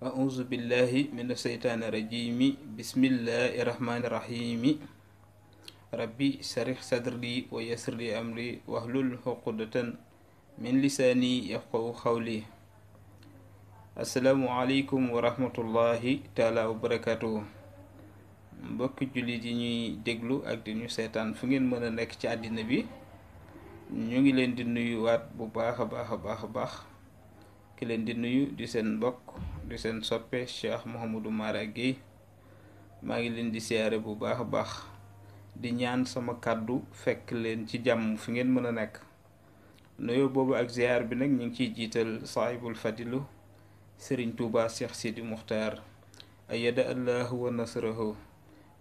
أعوذ بالله من الشيطان الرجيم بسم الله الرحمن الرحيم ربي سرح صدري ويسر لي أمري واحلل عقدة من لساني يفقه قولي asalaamualeykum wa rahmatullahi taala wa barakaatu mbokki jullit yi ñuy déglu ak di ñu seetaan fu ngeen mën a nekk ci àddina bi ñu ngi leen di nuyu waat bu baax a baax a baax a baax ki leen di nuyu di seen mbokk di sen soppe cheikh mohamoudou mara gueye ngi len di siyaare bu baax bah, baax di ñaan sama kaddu fekk len ci jamm fi ngeen mëna nek nuyo bobu ak ziar bi nak ñu ngi ciy jiital fadilu serigne touba cheikh sidi mukhtar ayada allah wa nasrahu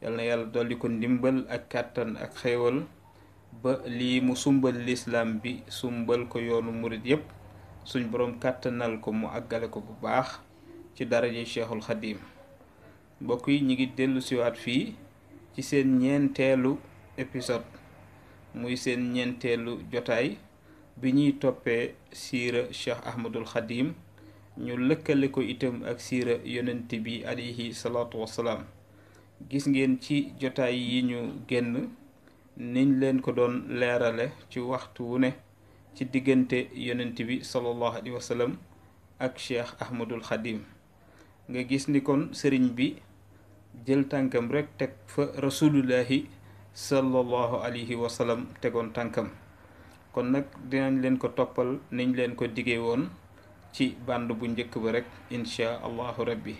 yal yalla doli ko ndimbal ak katan ak xewal ba li mu sumbal l'islam bi sumbal ko yoonu murit yépp suñ borom katanal ko mu àggale ko bu baax ci daraje cheikhul xadim mbokk yi ñu ngi dellu siwaat fii ci seen ñeenteelu épisode muy seen ñeenteelu jotaay bi ñuy toppee siira cheikh ahmadul xadim ñu lëkkale ko itam ak siira yonent bi alayhi salaatu wassalaam gis ngeen ci jotaay yi ñu génn niñ leen ko doon leerale ci waxtu wu ne ci diggante yonent bi sallallahu alayhi wa sallam ak cheikh ahmadul xadim nga gis ni kon sëriñ bi jël tànkam rek teg fa rasulullahi sallallahu alayhi wa sallam tegon tankam kon nak dinañ leen ko toppal niñ leen ko digee won ci band bu njëkk ba rek insha allahu rabbi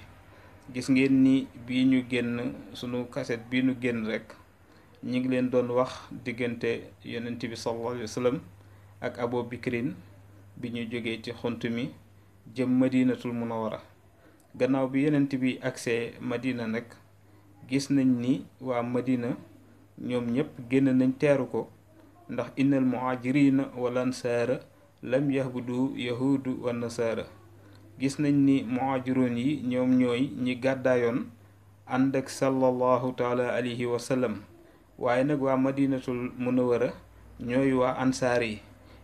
gis ngeen ni bi ñu genn sunu kaset bi ñu genn rek ñi ngi leen doon wax digënté yonnati bi sallallahu alayhi wa sallam ak abo bikrin bi ñu joggé ci xunt mi jëm madinatul munawara gannaaw bi yonent bi agsee Madina nag gis nañ ni waa Madina ñoom ñëpp génn nañ teeru ko ndax innal muhajirina wal ansaara lam yahbudu yahudu wa nasaara gis nañ ni muhajiroon yi ñoom ñooy ñi gàddaayoon ànd ak sallallahu taala alayhi wa waaye nag waa madinatul munawara ñooy waa ansaar yi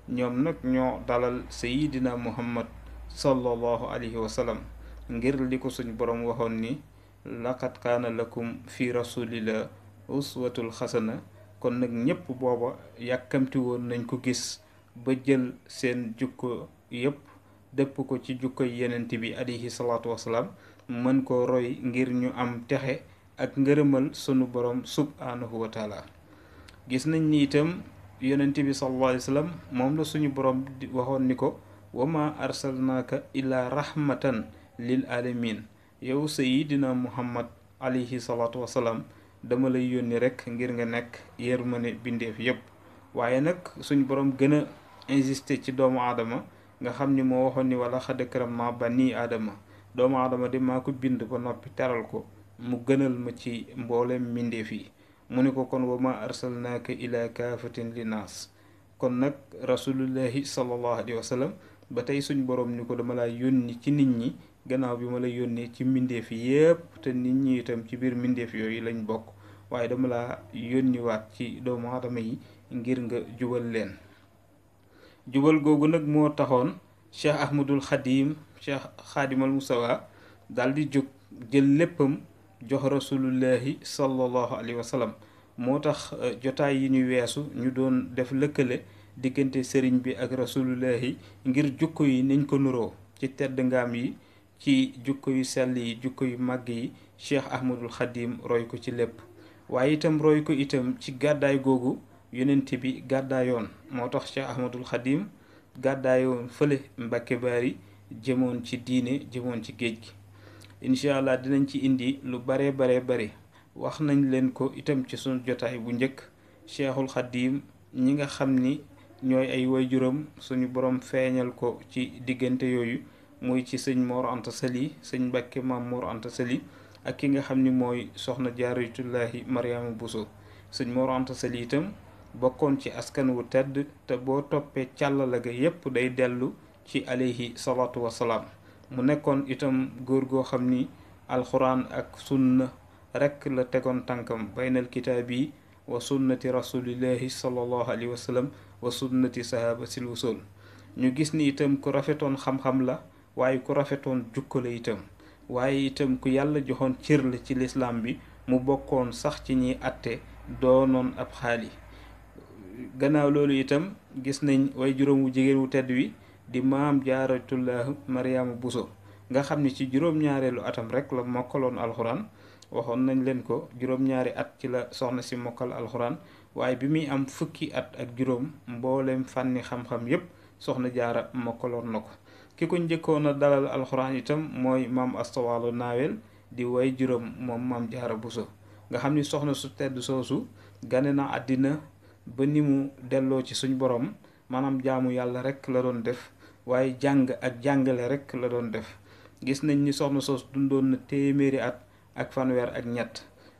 ñoom nag ñoo dalal sayidina muhammad sallallahu alayhi wa sallam ngir li ko suñu borom waxoon ni lakkat kaana lakum fi rasulillah uswatul xasana kon nag ñépp booba yàkkamti woon nañ ko gis ba jël seen jukko yépp dëpp ko ci jukkoy yenent bi alayhi salaatu wasalaam mën ko roy ngir ñu am texe ak ngërëmal sunu borom subhaanahu wa gis nañ ni itam yonent bi sallallahu alayhi moom la suñu borom waxoon ni ko wama arsalnaaka ila rahmatan lil alamin yow sayidina muhammad alayhi salaatu wasalaam dama lay yónni rekk ngir nga nekk yërmande bindeef yépp waaye nag suñ borom gën a insister ci doomu aadama nga xam ni moo waxoon ni wala xad karamnaa banii aadama doomu aadama de maa ko bind ba noppi teral ko mu gënal ma ci mboolem mbindeef yi mu ne ko kon wa ma arsalnaaka ila kaafatin linnaas kon nag rasulullahi sallallahu alayhi wa sallam ba tey suñ borom ni ko dama laa yónni ci nit ñi gannaaw bi ma la yónnee ci mbindeef yépp te nit ñi itam ci biir mbindeef yooyu lañu bokk waaye dama la yónniwaat ci doomu aadama yi ngir nga jubal leen jubal googu nag moo taxoon cheikh ahmadul xadim cheikh xaadimal musawa daal di jóg jël léppam jox rasulullahi sallallahu alayhi wa moo tax euh, jotaay yi ñuy weesu ñu doon def lëkkale diggante sëriñ bi ak rasulullahi ngir jukko yi niñ ko nuroo ci tedd ngaam yi ci jukko yu sell yi jukko yu mag yi cheikh ahmadul xadim roy ko ci lépp waaye itam roy ko itam ci gàddaay googu yonent bi gàddaayoon moo tax cheikh ahmadul xadim gàddaayoon fële mbàkke baari jëmoon ci diine jëmoon ci géej gi incha allah dinañ ci indi lu bare bare bare wax nañ leen ko itam ci sunu jotaay bu njëkk cheikhul xadim ñi nga xam ni ñooy ay waajuram suñu borom feeñal ko ci diggante yooyu muy ci sëñ Mor Anta Sali sëñ Mbàkke maam Mor Anta Sali ak ki nga xam ni mooy soxna jaaritullahi Mariama Bousso sëñ Mor Anta Sali itam bokkoon ci askan wu tedd te boo toppee càllala ga yépp day dellu ci alayhi salaatu wasalaam mu nekkoon itam góor goo xam ni alxuraan ak sunna rekk la tegoon tànkam baynal kitaab yi wa sunnati rasulillahi sallallahu alayhi wa sallam wa sunnati sahabatil wusul ñu gis ni itam ku rafetoon xam-xam la waaye ku rafetoon jukka la itam waaye itam ku yàlla joxoon cër la ci lislaam bi mu bokkoon sax ci ñiy atte doonoon ab xaali gannaaw loolu itam gis nañ way juróom wu jigéen wu tedd wi di maam jaaratullah mariama buso nga xam ni ci juróom-ñaareelu atam rek la mokkaloon alxuraan waxoon nañ leen ko juróom-ñaari at ci la soxna si mokkal alxuraan waaye bi muy am fukki at ak juróom mboolem fànni xam-xam yépp soxna jaara mokkaloon na ko ki ko njëkkoon a dalal alxuraan itam mooy maam astawaalo naawel di way juróom moom maam jaara buso nga xam ni soxna su tedd soosu gane na àddina ba ni mu delloo ci suñ boroom maanaam jaamu yàlla rek la doon def waaye jàng ak jàngale rek la doon def gis nañ ni soxna soosu dundoon na téeméeri at ak fanweer ak ñett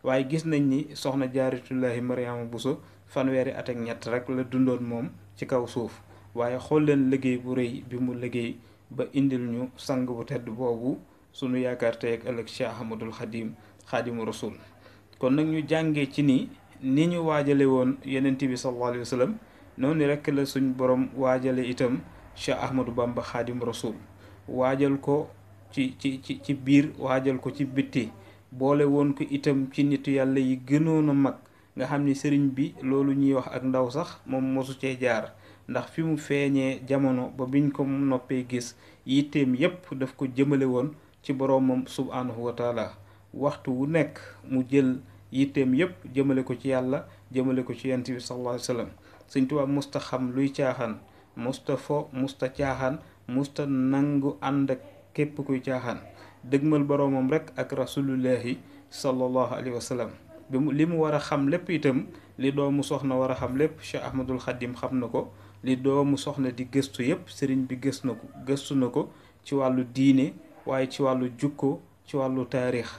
waaye gis nañ ni soxna jaaritullahi mariama buso fanweeri at ak ñett rek la dundoon moom ci kaw suuf waaye xool leen liggéey bu rëy bi ba indil ñu sang bu tedd boobu sunu yaakaar tey ak ëllëg Cheikh Ahmadul Xadim xaadimu rasul kon nag ñu jàngee ci ni ni ñu waajale woon yenent bi sallallahu alayhi wa noonu rekk la suñ borom waajale itam Cheikh Ahmadou Bamba xaadimu rasul waajal ko ci ci ci ci biir waajal ko ci bitti boole woon ko itam ci nitu yàlla yi gënoon a mag nga xam ni sëriñ bi loolu ñuy wax ak ndaw sax moom mosu cee jaar ndax fi mu feeñee jamono ba biñ ko noppee gis yitteem yépp daf ko jëmale woon ci boroomam subhaanahu wa taala waxtu wu nekk mu jël yitteem yépp jëmale ko ci yàlla jëmale ko ci yonent bi sallallaahu alayhi wa sallam musta xam luy caaxaan musta fo musta caaxaan musta nangu ànd ak képp kuy caaxaan dëgmal boroomam rekk ak rasulullahi sallallaahu alayhi wa li mu war xam lépp itam li doomu soxna war a xam lépp Cheikh Ahmadul Xadim xam na ko li doomu soxna di gëstu yépp sëriñ bi gës na ko gëstu na ko ci wàllu diine waaye ci wàllu jukko ci wàllu taarix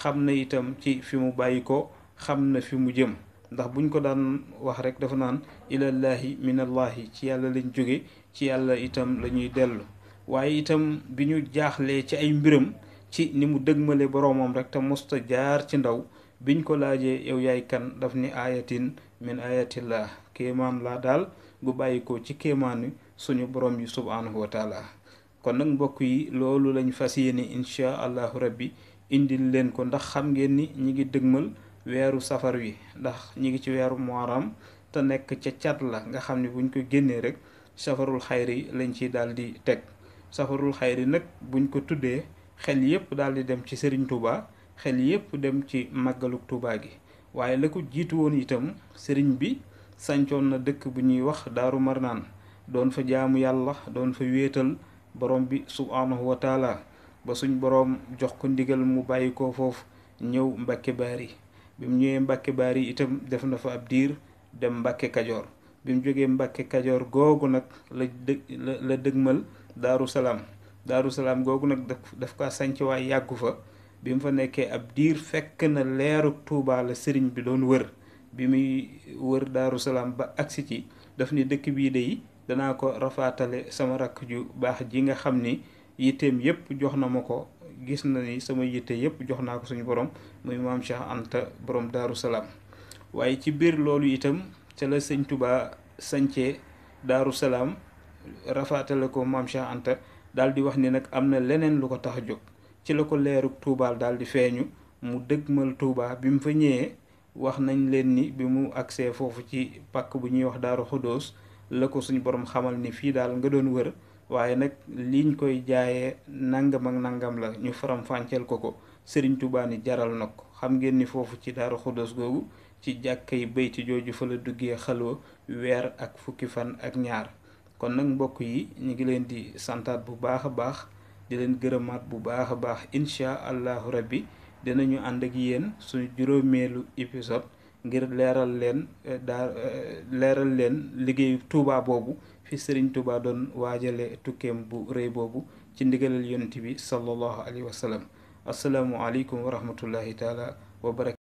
xam na itam ci fi mu bàyyi ko xam na fi mu jëm ndax buñ ko daan wax rek dafa naan ilallaahi minallaahi ci yàlla lañ jóge ci yàlla itam la ñuy dellu waaye itam bi ñu jaaxlee ci ay mbiram ci ni mu dëgmale boroomam rek te mosta jaar ci ndaw biñ ko laajee yow yaay kan daf ni ayatin min ayatillah kéemaan laa daal gu bàyyikoo ci kéemaani suñu borom yi subhaanahu wa taala kon nag mbokk yi loolu lañu fas yéene inchaa allahu rabbi indi leen ko ndax xam ngeen ni ñi ngi dëgmal weeru safar wi ndax ñi ngi ci weeru mooram te nekk ca cat la nga xam ne buñ ko génnee rek safarul xayri lañ ci daal di teg safarul xayri nag buñ ko tuddee xel yépp daal di dem ci Serigne Touba xel yépp dem ci màggalu Tuubaa gi waaye la ko jiitu woon itam sëriñ bi sancoon na dëkk bu ñuy wax Daaru Marnaan doon fa jaamu yàlla doon fa wéetal boroom bi subhaanahu wa ba suñ boroom jox ko ndigal mu bàyyi ko foofu ñëw Mbàkke Baari bi mu ñëwee Mbàkke Baari itam def na fa ab diir dem Mbàkke Kajoor bi mu jógee Mbàkke Kajoor googu nag la dëg la dëgmal Daaru Salaam Daaru Salaam googu nag daf daf ko sanc yàggu fa bi mu fa nekkee ab diir fekk na leeru Touba la sëriñ bi doon wër bi muy wër Daaru Salaam ba agsi ci daf ni dëkk bii de yi danaa ko rafaatale sama rakk ju baax ji nga xam ni yitteem yépp jox na ma ko gis na ni sama yitte yépp jox naa ko suñu borom muy maam Cheikh Anta borom Daaru Salaam waaye ci biir loolu itam ca la sëñ Touba sancee Daaru Salaam rafaatale ko maam Anta daal di wax ni nag am na leneen lu ko tax a jóg ci la ko leerug Touba daal di feeñu mu dëgmal Touba bi mu fa ñëwee wax nañ leen ni bi mu agsee foofu ci pàkk bu ñuy wax Daaru Xuddoos la ko suñu borom xamal ni fii daal nga doon wër waaye nag liiñ koy jaayee nangam ak nangam la ñu faram fànceel ko ko Serigne Touba ni jaral na ko xam ngeen ni foofu ci Daaru Xuddoos googu ci jàkka yi bayti jooju fa la duggee xalwa weer ak fukki fan ak ñaar kon nag mbokk yi ñu ngi leen di santaat bu baax a baax. di leen gërëmaat bu baax a baax incha allahu rabbi ñu ànd ak yéen suñu juróomeelu épisode ngir leeral leen eh, daa eh, leeral leen liggéeyu Touba boobu fi Serigne Touba doon waajale tukkeem bu rëy boobu ci ndigalal yonent bi sallallahu alayhi wa sallam asalaamualeykum wa rahmatullahi taala wa baraka